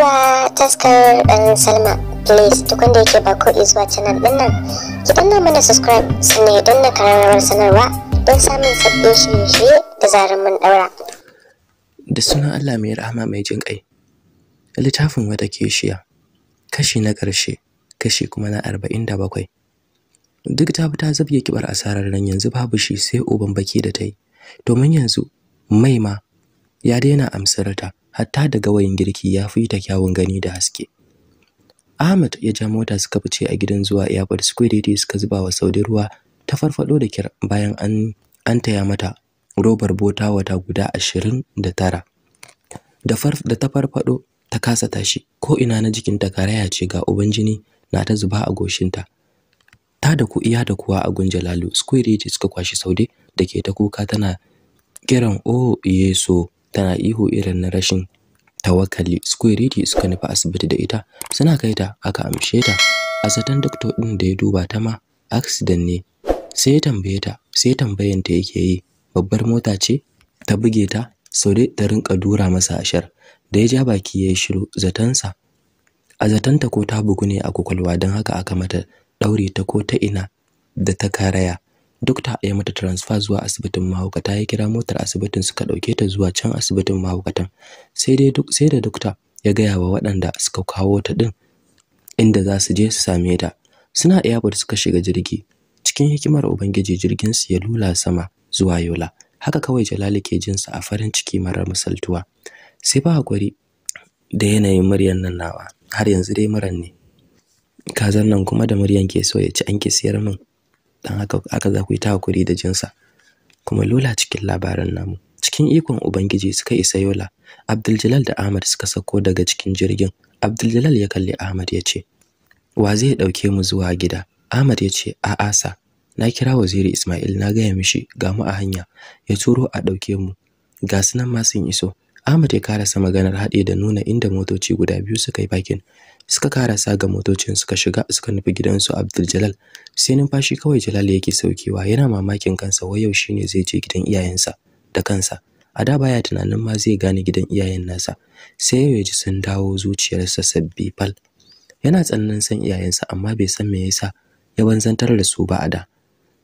zuwa taskar dan salma please duk wanda yake ba ko zuwa canal din nan ki danna mana subscribe sannan ya danna kararrawar sanarwa don samun sabbin shirye-shirye da zarar mun daura da sunan allah mai rahama mai jin kai littafin wata shiya kashi na ƙarshe kashi kuma na arba'in da bakwai duk ta ta zabge kibar asarar nan yanzu babu shi sai uban baki da ta yi domin yanzu mai ma ya daina amsarta hatta da gawayin girki ya fi ta kyawun gani da haske Ahmad ya ja mota suka fice a gidan zuwa airport square daidai suka zuba wa Saudi ruwa ta farfado da kyar bayan an an taya mata robar bota wata guda 29 da farf da ta farfado ta kasa tashi ko ina na jikinta karaya ce ga uban jini na ta zuba a goshinta ta da ku iya da kuwa a gunjalalu square suka kwashi Saudi da ke ta kuka tana kiran oh yeso tana ihu irin na rashin tawakkali squirity suka nufi asibiti da ita suna kai ta aka amshe ta a zaton doctor din da ya duba ta ma accident ne sai ya tambaye ta sai tambayan ta yake yi babbar mota ce ta buge ta sau dai ta rinka dura masa ashar da ya ja baki ya shiru zatansa a zatanta ko ta bugu ne a kwakwalwa don haka aka mata daure ta ko ta ina da ta karaya dokta ya mata transfer zuwa asibitin mahaukata ya kira motar asibitin suka ɗauke ta zuwa can asibitin mahaukatan sai dai duk sai da dokta ya gaya wa waɗanda suka kawo ta ɗin inda za su je su same ta suna airport suka shiga jirgi cikin hikimar ubangiji jirgin su ya lula sama zuwa yola haka kawai jalali ke jin sa a farin ciki marar misaltuwa sai ba hakuri da yanayin muryar nan nawa har yanzu dai muran ne kazan nan kuma da muryan ke so ya ci an ki siyar min dan haka aka za ta hakuri da jinsa kuma lola cikin labaran namu cikin ikon ubangiji suka isa yola abdul da ahmad suka sako daga cikin jirgin abdul ya kalli ahmad ya ce wa zai dauke mu zuwa gida ahmad ya ce a'a sa na kira waziri ismail na gaya mishi ga mu a hanya ya turo a dauke mu ga sunan ma sun iso ahmad ya karasa maganar haɗe da nuna inda motoci guda biyu suka yi bakin suka karasa ga motocin suka shiga suka nufi gidansu Abdul Jalal sai numfashi kawai Jalal yake saukewa yana mamakin kansa wai yau ne zai je gidan iyayensa da kansa a da baya tunanin ma zai gane gidan iyayen nasa sai yau ya ji sun dawo zuciyarsa sabbi fal yana tsananin san iyayensa amma bai san me yasa ya banzantar da su ba a da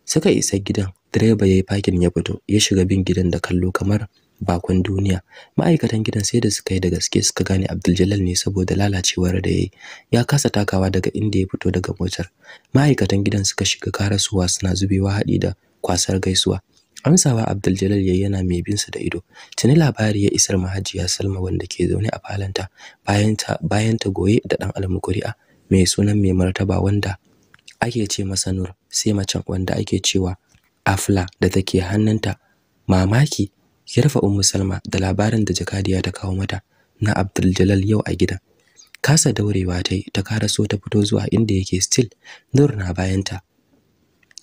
suka isa gidan direba yayi fakin ya fito ya shiga bin gidan da kallo kamar bakon duniya ma'aikatan gidan sai da suka yi da gaske suka gane Abdul ne saboda lalacewar da ya yi, ya kasa takawa daga inda ya fito daga motar ma'aikatan gidan suka shiga karasuwa suna zubewa haɗi da kwasar gaisuwa amsawa Abdul yayi yana mai bin su da ido tuni labari ya isar mahajiya Salma wanda ke zaune a falanta bayan ta goye da dan almukuri'a mai sunan mai martaba wanda ake ce masa Nur sai macen wanda ake cewa Afla da take hannunta mamaki ya rufe ummu salma da labarin da jakadiya ta kawo mata na abdul yau a gida, kasa daurewa ta yi ta karaso ta fito zuwa inda yake still nur na bayanta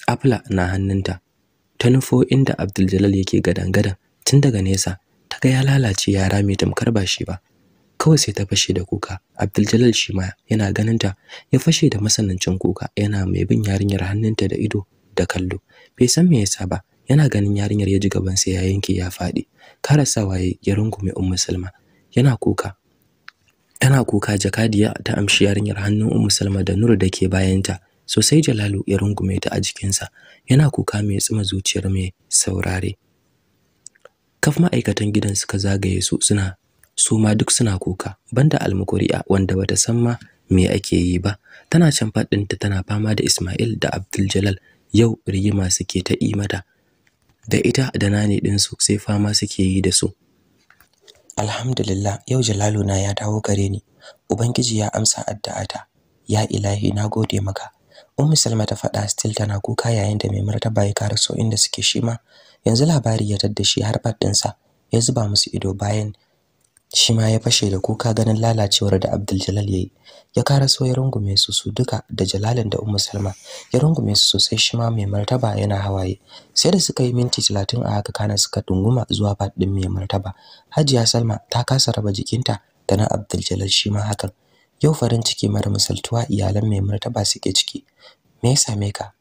afla na hannunta ta nufo inda abdul jalal yake gadan-gadan tun daga nesa ta ga ya lalace yara mai tamkar ba shi ba kawai sai ta fashe da kuka abdul jalal shi ma yana ganinta ya fashe da masanancin kuka yana mai bin yarinyar hannunta da ido da kallo bai san me yasa ba yana ganin yarinyar ya ji gabansa ya yanke ya faɗi karasawa ya ya rungume um musulma? yana kuka yana kuka jakadiya ta amshi yarinyar hannun um musulma da nuru da ke bayanta sosai jalalu ya rungume ta a jikinsa yana kuka mai tsima zuciyar mai saurare kaf ma'aikatan gidan suka zagaye su suna su ma duk suna kuka banda almukuriya, wanda bata san ma me ake yi ba tana can faɗinta tana fama da Ismail da Abdul Jalal yau rigima suke ta imata mata da ita da nani ɗinsu sai fama suke yi da su alhamdulillah yau Jalalu na ya dawo gare ni ubangiji ya amsa addu'ata ya ilahi na gode maka ummu salma ta faɗa still tana kuka yayin da mai martaba ya karaso inda suke shi ma yanzu labari ya tadda shi har ɗinsa ya zuba musu ido bayan shi ma ya fashe da kuka ganin lalacewar da Abdul Jalal yayi ya so ya rungume su su duka da Jalalin da Ummu Salma ya rungume su sosai shi ma mai martaba yana hawaye sai da suka yi minti talatin a haka kana suka dunguma zuwa faɗin mai martaba Hajiya Salma ta kasa raba jikinta da na Abdul Jalal shi ma hakan yau farin ciki mara misaltuwa iyalan mai martaba suke ciki me ya same ka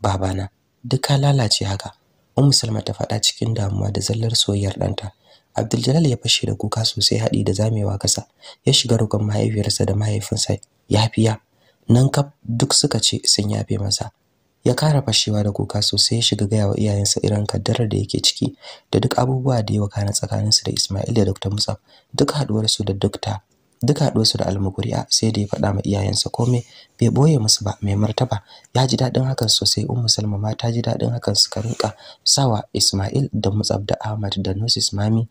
babana duk ka lalace haka Ummu Salma ta faɗa cikin damuwa da zallar soyayyar ɗanta. Abdul ya fashe da kuka sosai haɗi da zamewa kasa. Ya shiga rukan mahaifiyarsa da mahaifinsa yafiya. Nan kaf duk suka ce sun yafe masa. Ya kara fashewa da kuka sosai ya shiga gaya wa iyayensa irin kaddarar da yake ciki da duk abubuwa da ya wakana tsakaninsu da Ismail da Dr. Musa. duk haɗuwarsu da Dr. duk su da almuguriya sai da ya faɗa ma iyayensa komai bai boye musu ba mai martaba ya ji daɗin hakan sosai ummu salma ma ta ji daɗin hakan suka rinka sawa ismail da mutsab da ahmad da nusis mami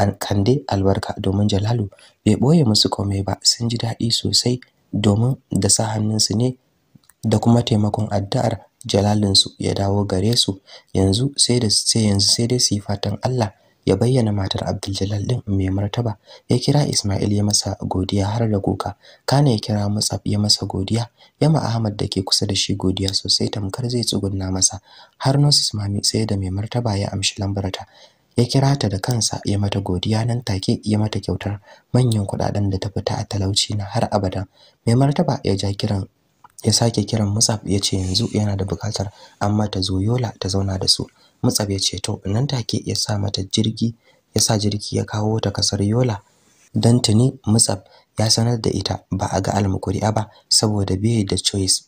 an kande albarka domin jalalu bai boye musu komai ba sun ji daɗi sosai domin da sa hannunsu ne da kuma taimakon addu'ar jalalinsu ya dawo gare su yanzu sai da sai yanzu sai dai su yi fatan Allah ya bayyana matar Abdul din mai martaba ya kira Ismail ya masa godiya har da kuka kana ya kira Musab ya masa godiya yama Ahmad dake kusa da shi godiya sosai tamkar zai tsugunna masa har Nosis Mami sai da mai martaba ya amshi lambarta ya kira ta da kansa ya mata godiya nan take ya mata kyautar manyan kudaden da ta fita a talauci na har abada mai martaba ya ja kiran ya sake kiran Musab ya ce yanzu yana da bukatar amma ta zo Yola ta zauna da su matsabe ya to, nan take ya sa mata jirgi ya sa jirgi ya kawo ta kasar Yola dan tuni Mutsaf ya sanar da ita ba a ga almukuri'a ba saboda bai da choice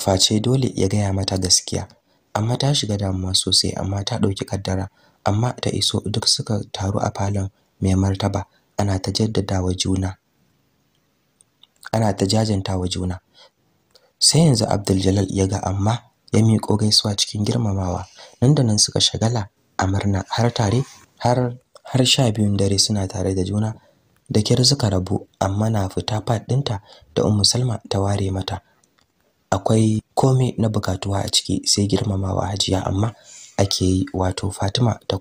face dole ya gaya mata gaskiya amma ta shiga damuwa sosai amma ta ɗauki kaddara amma ta iso duk suka taru a falon mai martaba ana ta wa juna ana ta jajanta wa juna sai yanzu Abdul Jalal ya ga amma ya miƙo gaisuwa cikin girmamawa nan da nan suka shagala a murna har tare har har sha biyun dare suna tare da juna da kyar suka rabu amma na fita fat ɗinta da umu Salma ta ware mata akwai komai na bukatuwa a ciki sai girmamawa hajiya amma ake yi wato Fatima ta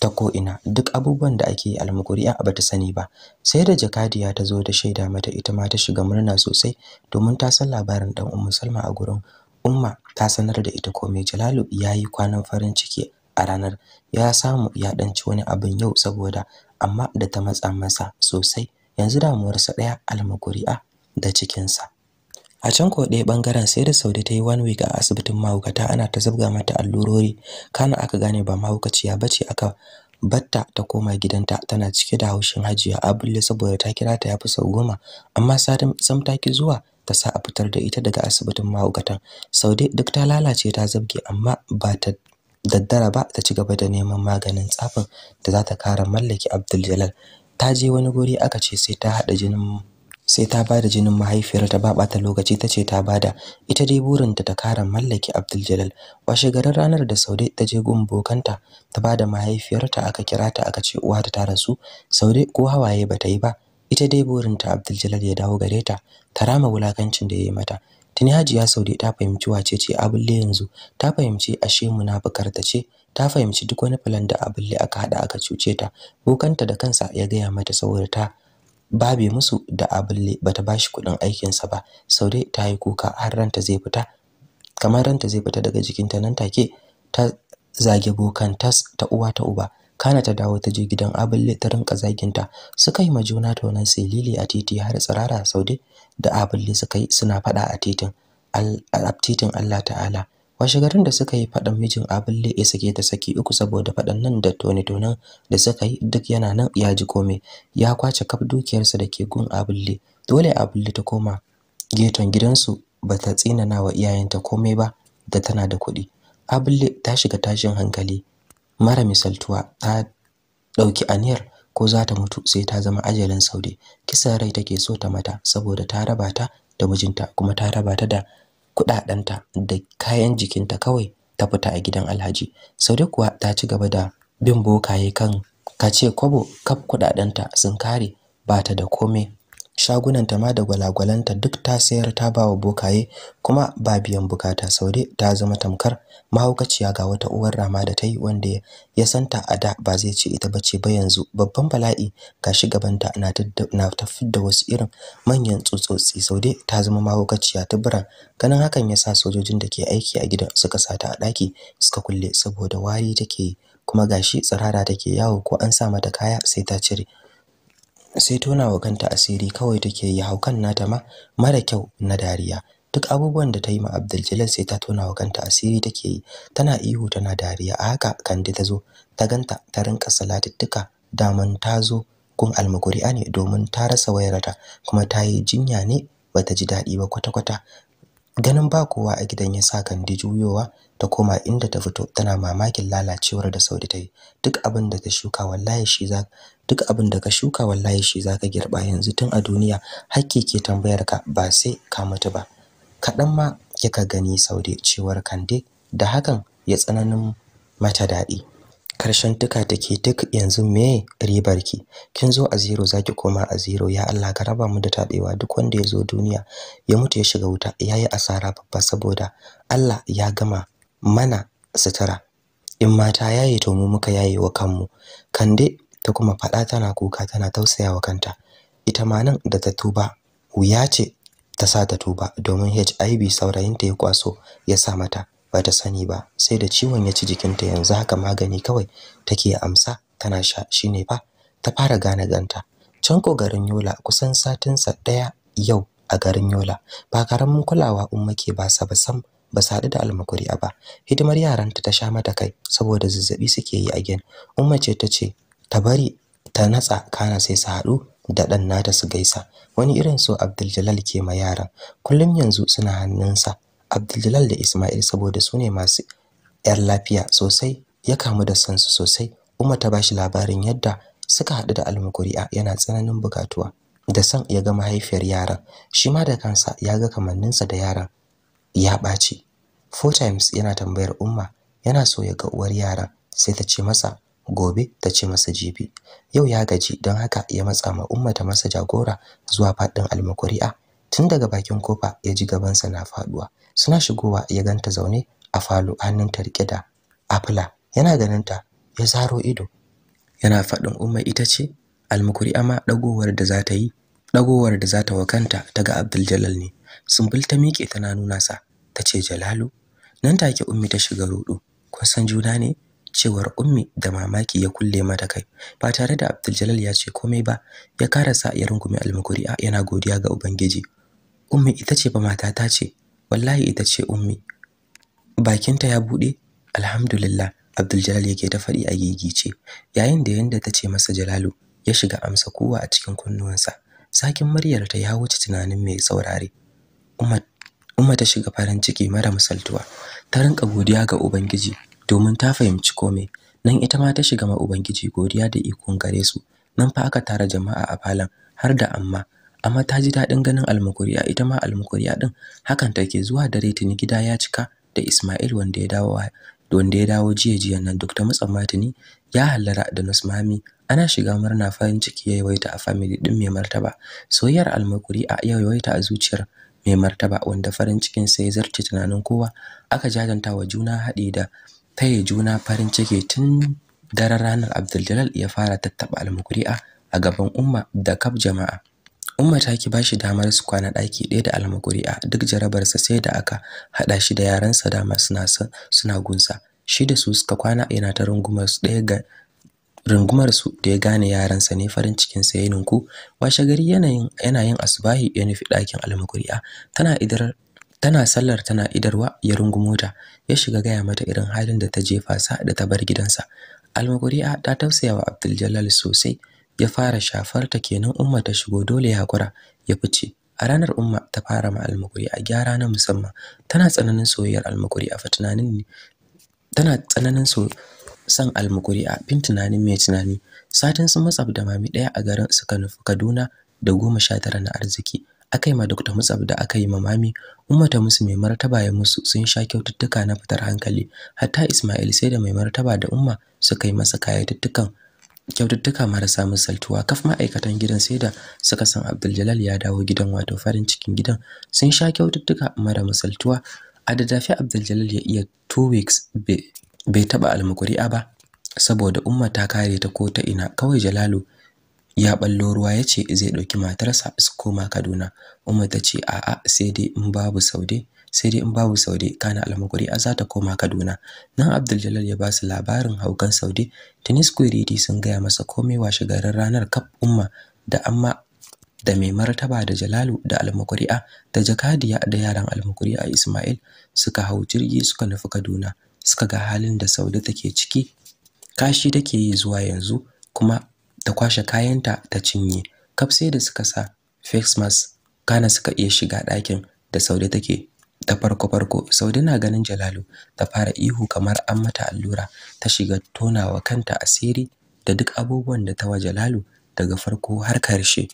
ta ko'ina duk abubuwan da ake almukuriya ba ta sani ba sai da jakadiya ta zo da shaida mata ita ma ta shiga murna sosai domin ta san labarin dan ummu salma a gurin Umma ta sanar da ita komai Jalalu ya yi kwanan farin ciki a ranar ya samu ya danci wani abin yau saboda amma da ta matsa masa sosai yanzu damuwarsa ɗaya almaguri'a da cikinsa a can ko ɗaya bangaren sai da Saudi ta yi one week a asibitin mahaukata ana ta zabga mata allurori kana aka gane ba mahaukaciya bace aka batta ta koma gidanta tana cike da haushin hajiya abulle saboda ta kira ta ya fi sau goma amma sam ta ki zuwa ta sa a fitar da ita daga asibitin mahaukatan saude duk ta lalace ta zabge amma ba ta daddara ba ta ci gaba da neman maganin tsafin da za ta kara mallaki abdul ta je wani guri aka ce sai ta haɗa jinin sai ta bada jinin mahaifiyar ta ba bata lokaci tace ta bada ita dai burinta ta kara mallaki Abdul washe garin ranar da Saude ta je gun bokanta ta bada mahaifiyarta aka kira ta aka ce uwa ta rasu Saude ko hawaye bata yi ba ita dai burinta Abdul ya dawo gare ta ta rama wulakancin da ya yi mata tuni Hajiya Saude ta fahimci wace ce Abulle yanzu ta fahimci ashe munafukar ta ce ta fahimci duk wani filan da Abulle aka hada aka cuce ta bokanta da kansa ya gaya mata saboda ta babe musu da Abulle bata bashi kudin aikin sa ba Saude ta yi kuka har ranta zai fita kamar ranta zai fita daga jikinta nan take ta zage bokan tas ta uwa ta uba kana ta dawo ta je gidan abulle ta rinka zaginta suka yi ma juna sai silili a titi har tsirara saude da abulle suka yi suna faɗa a titin titin Allah ta'ala shigarin da suka yi faɗan mijin abulle ya sake ta saki uku saboda faɗan nan da toni tonan da suka yi duk yana nan ya ji kome ya kwace kaf dukiyarsa da ke gun abulle dole abulle ta koma geton gidansu ba ta tsinana wa iyayenta komai ba da tana da kuɗi abulle ta shiga tashin hankali mara misaltuwa ta ɗauki aniyar ko za ta mutu sai ta zama ajalin saude kisan rai take so ta mata saboda ta raba ta da mijinta kuma ta raba ta da kuɗaɗenta da kayan jikinta kawai ta fita a gidan alhaji saude kuwa ta ci gaba da bin bokaye kan kace kwabo kaf kuɗaɗenta sun kare ba ta da komai shagunanta ma da gwalagwalanta duk ta sayar ta ba wa bokaye kuma ba biyan bukata saude ta zama tamkar mahaukaciya ga wata uwar rama da ta yi wanda ya santa a da ba zai ce ita bace ba yanzu babban bala'i ga shi gabanta na tafi da wasu irin manyan tsotsotsi saude ta zama mahaukaciya ta bura ganin hakan ya sa sojojin da ke aiki a gidan suka sata a ɗaki suka kulle saboda wari take kuma gashi tsirara take yawo ko an sa mata kaya sai ta cire sai tona wa kanta asiri kawai take yi haukan nata ma mara kyau na dariya duk abubuwan da ta yi ma Abdul sai ta tona wa kanta asiri take yi tana ihu tana dariya a haka kandi ta zo ta ganta ta rinka salatuttuka daman ta zo kun almukuri'a ne domin ta rasa wayarta kuma ta yi jinya ne bata ji daɗi ba kwata-kwata ganin ba kowa a gidan ya sa kandi juyowa ta koma inda ta fito tana mamakin lalacewar da Saudi ta yi duk abin da ta shuka wallahi shi za duk abin da ka shuka wallahi shi zaka girba yanzu tun a duniya hakki ke tambayar ka ba sai ka mutu ba kaɗan ma kika gani saude cewar kande da hakan ya tsananin mata daɗi karshen tuka take duk yanzu me ribar ki kin zo a zero zaki koma a zero ya Allah ka raba mu da tabewa duk wanda ya zo duniya ya mutu ya shiga wuta yayi asara babba saboda Allah ya gama mana sutura in mata yayi to mu muka yayi wa kanmu kande ta kuma faɗa tana kuka tana tausayawa kanta ita ma nan da ta tuba wuya ce ta sa ta tuba domin HIV saurayinta ya kwaso ya sa mata ba ta sani ba sai da ciwon ya ci jikinta yanzu haka magani kawai take amsa tana sha shine fa ta fara gane ganta can ko garin Yola kusan satin sa ɗaya yau a garin Yola ba karamin kulawa umma ke ba sa ba sam ba sa da almakuri ba hidimar yaranta ta sha mata kai saboda zazzabi suke yi a gen umma ce ta ce ta bari ta natsa kana sai su haɗu da ɗan nata su gaisa wani irin so Abdul ke ma yaran kullum yanzu suna hannunsa Abdul da Ismail saboda su ne masu yar lafiya sosai ya kamu da sansu sosai Umma ta bashi labarin yadda suka haɗu da almukuri'a yana tsananin bukatuwa da san ya ga mahaifiyar yaran shi ma da kansa ya ga kamanninsa da yaran ya ɓaci four times yana tambayar umma yana so ya ga uwar yaran sai ta ce masa gobe ta ce masa jibi yau ya gaji don haka ya matsa ma ummata masa jagora zuwa faɗin almakuri'a tun daga bakin kofa ya ji gabansa na faɗuwa, suna shigowa ya ganta zaune a falo hannun ta riƙe da afla yana ganinta ya zaro ido yana faɗin umma ita ce almakuri'a ma ɗagowar da za ta yi dagowar da za ta wakanta ta ga Abdul ne sumbul ta miƙe tana nuna sa ta ce Jalalu nan take ummi ta shiga rudu kun san juna ne cewar ummi da mamaki ya kulle mata kai ba tare da Abdul ya ce komai ba ya karasa ya rungume almukuri'a yana godiya ga ubangiji ummi ita ce ba mata ta ce wallahi ita ce ummi bakinta ya bude alhamdulillah Abdul yake ta faɗi a gigice yayin da yanda ta ce masa Jalalu ya shiga amsa kowa a cikin kunnuwansa sakin muryarta ta ya wuce tunanin mai saurare umma umma ta shiga farin ciki mara misaltuwa ta rinka godiya ga ubangiji domin ta fahimci komai nan ita ma ta shiga ma ubangiji godiya da ikon gare su nan fa aka tara jama'a a falon har da amma amma ta ji daɗin ganin almukuriya ita ma almukuriya ɗin? hakan ta ke zuwa dare tuni gida ya cika da Ismail wanda ya dawo wanda ya dawo jiya jiya nan Dr. Mutsan Matini ya hallara da Nusmami ana shiga murna farin ciki ya yawaita a family ɗin mai martaba soyayyar almakuri a ya yawaita a zuciyar mai martaba wanda farin cikin sai zarce tunanin kowa aka jajanta wa juna haɗi da taya juna farin ciki tun daren ranar Abdul ya fara tattaɓa almukuri'a a gaban Umma da kaf jama'a. Umma ta ki bashi damar su kwana ɗaki ɗaya da almukuri'a duk jarabarsa sai da aka haɗa shi da yaransa dama suna suna gunsa. Shi da su suka kwana yana ta rungumar su ɗaya ga rungumar su da ya gane yaransa ne farin cikin sa ya ninku washe gari yana yin asubahi ya nufi ɗakin almukuri'a tana idar tana sallar tana idarwa ya rungumo ta ya shiga gaya mata irin halin da ta jefa sa da ta bar gidansa Almakuri'a ta tausayawa abdul jalal sosai ya fara shafar ta kenan umma ta shigo dole ya kura, ya fice a ranar umma ta fara ma a gyara na musamman tana tsananin soyayyar almaguri'a a ne tana tsananin so san a bin tunanin mai tunani satin sun matsab da mami daya a garin suka nufi kaduna da goma sha tara na arziki aka yi ma Dr. Musab da aka yi ma Mami Umma ta musu mai martaba ya musu sun sha kyaututtuka na fitar hankali hatta Ismail sai da mai martaba da Umma suka yi masa kayatuttukan kyaututtuka marasa misaltuwa kaf ma'aikatan gidan sai da suka san Abdul ya dawo gidan wato farin cikin gidan sun sha kyaututtuka mara misaltuwa a da dafi Abdul ya iya two weeks bai taba almukuri'a ba saboda Umma ta kare ta ko ta ina kawai Jalalu ya ballo ruwa ya ce zai ɗauki matarsa su koma Kaduna Umma ta ce a'a sai dai in babu Saude sai dai in babu Saude kana almakuri a za ta koma Kaduna nan Abdul ya ba su labarin haukan Saude Tunis Quiridi sun gaya masa komai wa shigarar ranar kaf Umma da amma da mai martaba da Jalalu da almakuri'a da Jakadiya da yaran a Ismail suka hau jirgi suka nufi Kaduna suka ga halin da Saude take ciki kashi take yi zuwa yanzu kuma ta kwashe kayanta ta cinye kaf sai da suka sa face mask kana suka iya shiga ɗakin da saude take ta farko farko saude na ganin jalalu ta fara ihu kamar an mata allura ta shiga tonawa kanta asiri da duk abubuwan da ta wa jalalu daga farko har karshe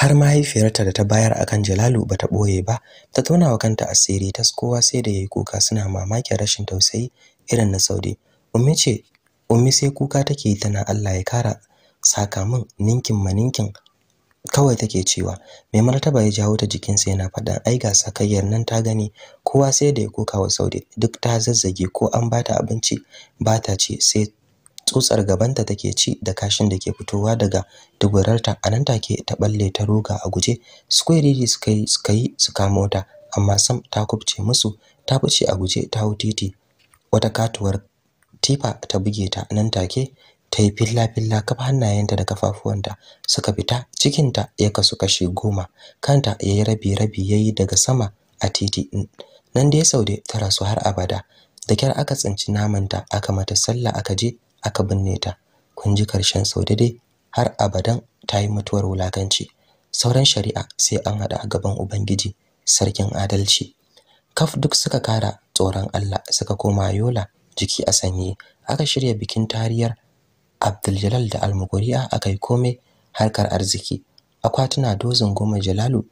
har mahaifiyarta da ta bayar akan Jalalu ba ta ɓoye ba ta tona wa kanta asiri tas kowa sai da yayi kuka suna mamakin rashin tausayi irin na Saude umi ce ummi sai kuka take tana Allah ya kara saka min ninkin maninkin kawai take cewa mai martaba ya jawo ta jikinsa yana faɗa ai ga sakayyar nan ta gani kowa sai da ya koka wa saudi duk ta zazzage ko an bata abinci bata ce sai tsotsar gabanta take ci da kashin da ke fitowa daga duburarta a nan take ta balle ta roga a guje square suka yi suka yi suka mota amma sam ta kubce musu ta fice a guje ta hau titi wata katuwar tifa ta buge ta nan take ta yi filla-filla kafa hannayenta da kafafuwanta suka fita cikinta ya kasu kashe goma kanta ya yi rabi-rabi ya yi daga sama a titi nan da dai saude ta rasu har abada da kyar aka tsinci namanta aka mata sallah aka je aka binne ta kun ji karshen saude dai har abadan ta yi mutuwar wulakanci sauran shari'a sai an haɗa a gaban ubangiji sarkin adalci kaf duk suka kara tsoron Allah suka koma yola jiki a sanyi, aka shirya bikin tariyar Abdul da a kai komai harkar arziki. Akwatuna dozin goma Jalalu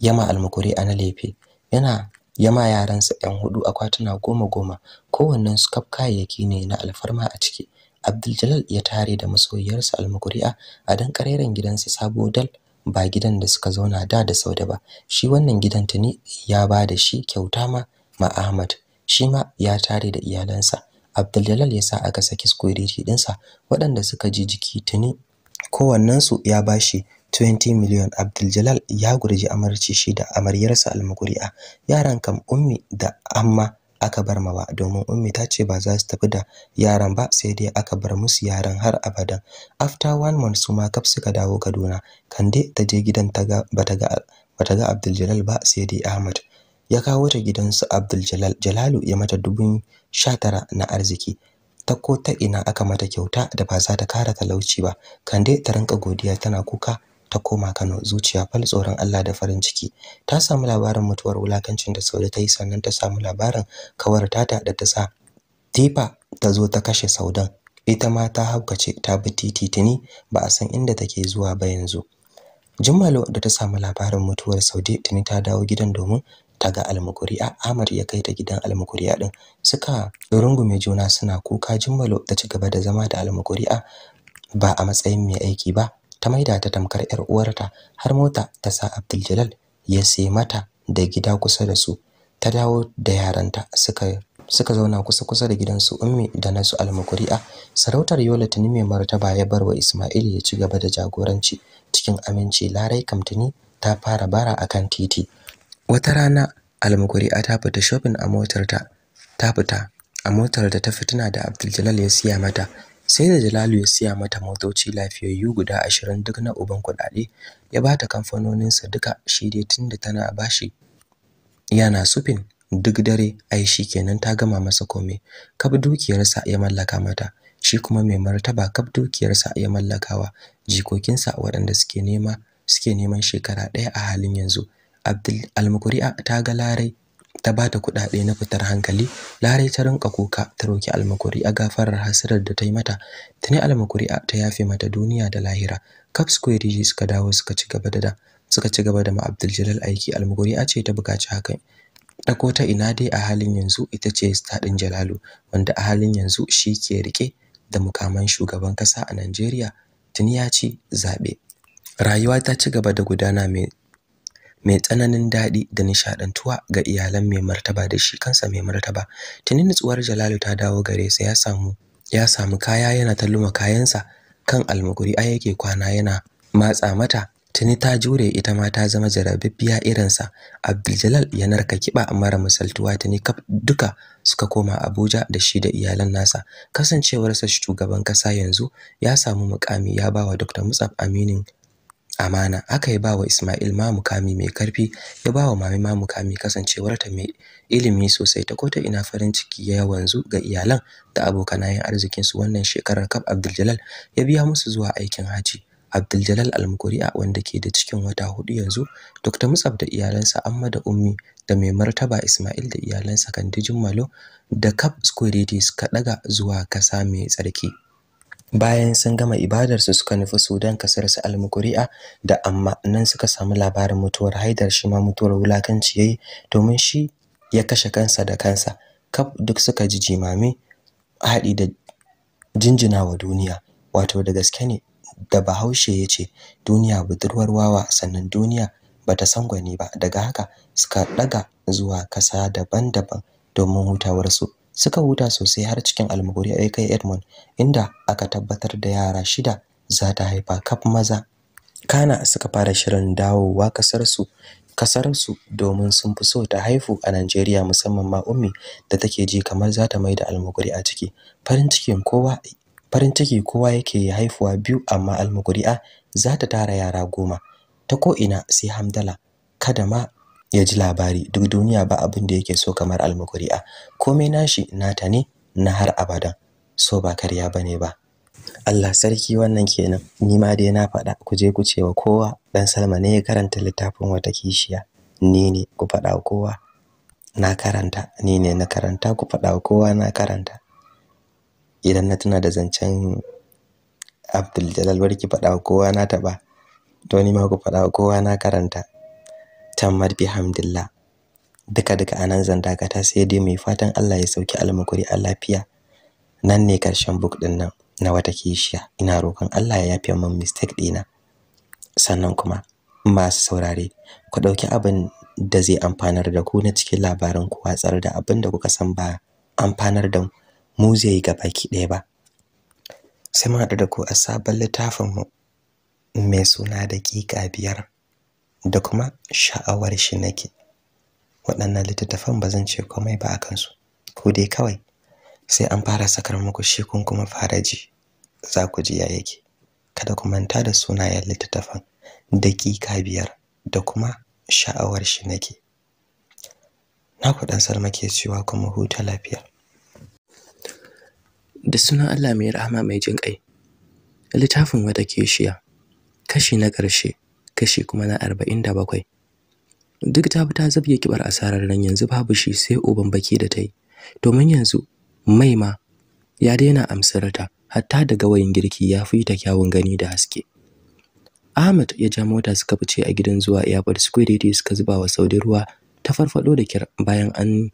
yama Almuguriya na lefe yana yama yaransa 'yan hudu akwatuna goma goma kowannen su kaf kayayyaki ne na alfarma a ciki. Abdul ya tare da masoyiyarsa Almuguriya a dan kareren gidansa Sabo Dal ba gidan da suka zauna da da Saude ba. Shi wannan gidan ne ya ba da shi kyauta ma ma Ahmad. Shi ma ya tare da iyalansa. Abdul ya sa aka saki security dinsa waɗanda suka ji jiki tuni kowannensu ya bashi 20 million Abdul ya gurji amarci shi da amaryarsa almuguri'a yaran kam ummi da amma aka bar mawa domin ummi ta ce ba za su tafi da yaran ba sai dai aka bar musu yaran har abadan after one month suma kaf suka dawo Kaduna kande ta je gidan ta ga bata ga bata ga Abdul ba sai dai Ahmad ya kawo ta gidansu Abdul Jalalu ya mata dubun 19 na arziki ta ko ta ina aka mata kyauta da ba za ta kara talauci ba kande ta rinka godiya tana kuka ta koma Kano zuciya fal tsoron Allah da farin ciki ta samu labarin mutuwar wulakancin da saudi ta yi sannan ta samu labarin kawar tata da ta sa Tifa ta zo ta kashe Saudan ita ma ta haukace ta bi titi tuni ba a san inda take zuwa ba yanzu Jummalo da ta samu labarin mutuwar Saude tuni ta dawo gidan domin ta ga almukuri'a Ahmad ya kai ta gidan almukuri'a din suka rungume juna suna kuka jimmalo ta ci gaba da zama da almukuri'a ba a matsayin mai aiki ba ta maida ta tamkar yar uwarta har mota ta sa Abdul ya sai mata da gida kusa da su ta dawo da yaranta suka suka zauna kusa kusa da gidansu ummi da nasu almukuri'a sarautar yola tuni mai martaba ya bar wa ismail ya ci gaba da jagoranci cikin aminci larai kamtini ta fara bara akan titi Wata rana almukuri'a ta fita shopping a motar ta. Ta fita a motar da ta fitina da Abdul ya siya mata. Sai da Jalalu ya siya mata motoci lafiyayyu guda ashirin duk na uban kuɗaɗe, ya bata kamfanoninsa duka shi dai tunda tana bashi yana sufin duk dare ai kenan ta gama masa komai. Kab dukiyarsa ya mallaka mata. Shi kuma mai martaba kab dukiyarsa ya mallakawa jikokinsa waɗanda suke nema suke neman shekara ɗaya a halin yanzu. Abdul Almukuri'a ta ga Larai ta ba bata kuɗaɗe na fitar hankali Larai ta rinƙa kuka ta roki Almukuri'a gafarar hasirar da ta yi mata ne Almukuri'a ta yafe mata duniya da lahira Cup Square suka dawo suka ci gaba da suka ci gaba da ma Jalal aiki Almukuri'a ce ta buƙaci hakan Dako ta ina dai a halin yanzu ita ce stadin Jalalu wanda a halin yanzu shi ke rike da mukaman shugaban kasa a Najeriya tuni ya ci zaɓe. rayuwa ta ci gaba da gudana mai mai tsananin daɗi da nishaɗantuwa ga iyalan mai martaba da shi kansa mai martaba tuni nutsuwar Jalalu ta dawo gare sa ya samu ya samu kaya yana talluma kayansa kan almuguri a yake kwana yana matsa mata tuni ta jure ita ma ta zama jarabibbiya irinsa abdul ya narka kiba mara misaltuwa tuni kaf duka suka koma abuja da shi da iyalan nasa kasancewarsa shugaban kasa yanzu ya samu mukami ya bawa dr musab aminin amana aka yi bawa Ismail ma mukami mai karfi ya bawa mami ma mukami kasancewarta mai ilimi sosai ta kota ina farin ciki ya wanzu ga iyalan da abokanayen arzikin su wannan shekarar kaf Abdul ya biya musu zuwa aikin haji Abdul jalal al Almukuri'a wanda ke da cikin wata hudu yanzu Dr Musab da iyalansa Amma da Ummi da mai martaba Ismail da iyalansa Kandijin Malo da Cap Securities ka daga zuwa kasa mai tsarki bayan sun gama ibadarsu suka nufi sudan kasar su almukuri'a da amma nan suka samu labarin mutuwar haidar shi ma mutuwar wulakanci ya yi, domin shi ya kashe kansa da kansa kaf duk suka ji jimami haɗi da jinjina wa duniya wato da gaske ne da bahaushe ya ce duniya budurwar wawa sannan duniya ba bata sangwani ba daga haka suka ɗaga zuwa kasa daban-daban domin hutawarsu suka huta sosai har cikin almuguri a kai Edmond inda aka tabbatar da yara shida za ta haifa kaf maza kana suka fara shirin dawowa kasarsu kasarsu domin sun fi so ta haifu a Najeriya musamman ma ummi da take ji kamar za ta maida almuguri a ciki farin cikin kowa farin ciki kowa yake haifuwa biyu amma almuguri a za ta tara yara goma ta ko ina sai hamdala kada ma ya ji labari duk duniya ba abin da yake so kamar almukuri'a komai nashi nata ne na har abada so ba karya ba ne ba Allah sarki wannan kenan ni ma dai na faɗa ku je ku cewa kowa dan Salma ne ya karanta littafin wata kishiya ni ne ku faɗa kowa na karanta ni ne na karanta ku faɗa kowa na karanta idan na tuna da zancen Abdul Jalal barki faɗa kowa na taɓa to ni ma ku faɗa kowa na karanta tammar bihamdillah duka duka anan zan dakata sai dai mai fatan Allah ya sauki almukuri a lafiya nan ne karshen book din nan na wata kishiya ina roƙon Allah ya yafe min mistake dina sannan kuma masu saurare ku dauki abin da zai amfanar da ku na cikin labarin ku watsar da abin da kuka san ba amfanar da mu zai ga baki ɗaya ba sai mu haɗu da ku a sabon littafin mu mai suna daƙiƙa biyar da kuma sha'awar shi nake waɗannan littattafan ba zan ce komai ba a kansu ko dai kawai sai an fara sakar muku shi kun kuma fara ji za ku ji ya yake kada ku manta da sunayen littattafan daƙiƙa biyar da kuma sha'awar shi nake na ku ɗan salma ke cewa kuma huta lafiya da sunan Allah mai rahama mai jin ƙai littafin wata shiya kashi na ƙarshe kashi kuma na arba'in da bakwai duk ta bi ta zabge kibar asarar nan yanzu babu shi sai uban baki da ta yi domin yanzu mai ma ya daina amsar ta hatta da gawayin girki ya fi ta kyawun gani da haske Ahmad ya ja mota suka fice a gidan zuwa airport security suka zuba wa Saudi ruwa ta farfado da kyar bayan an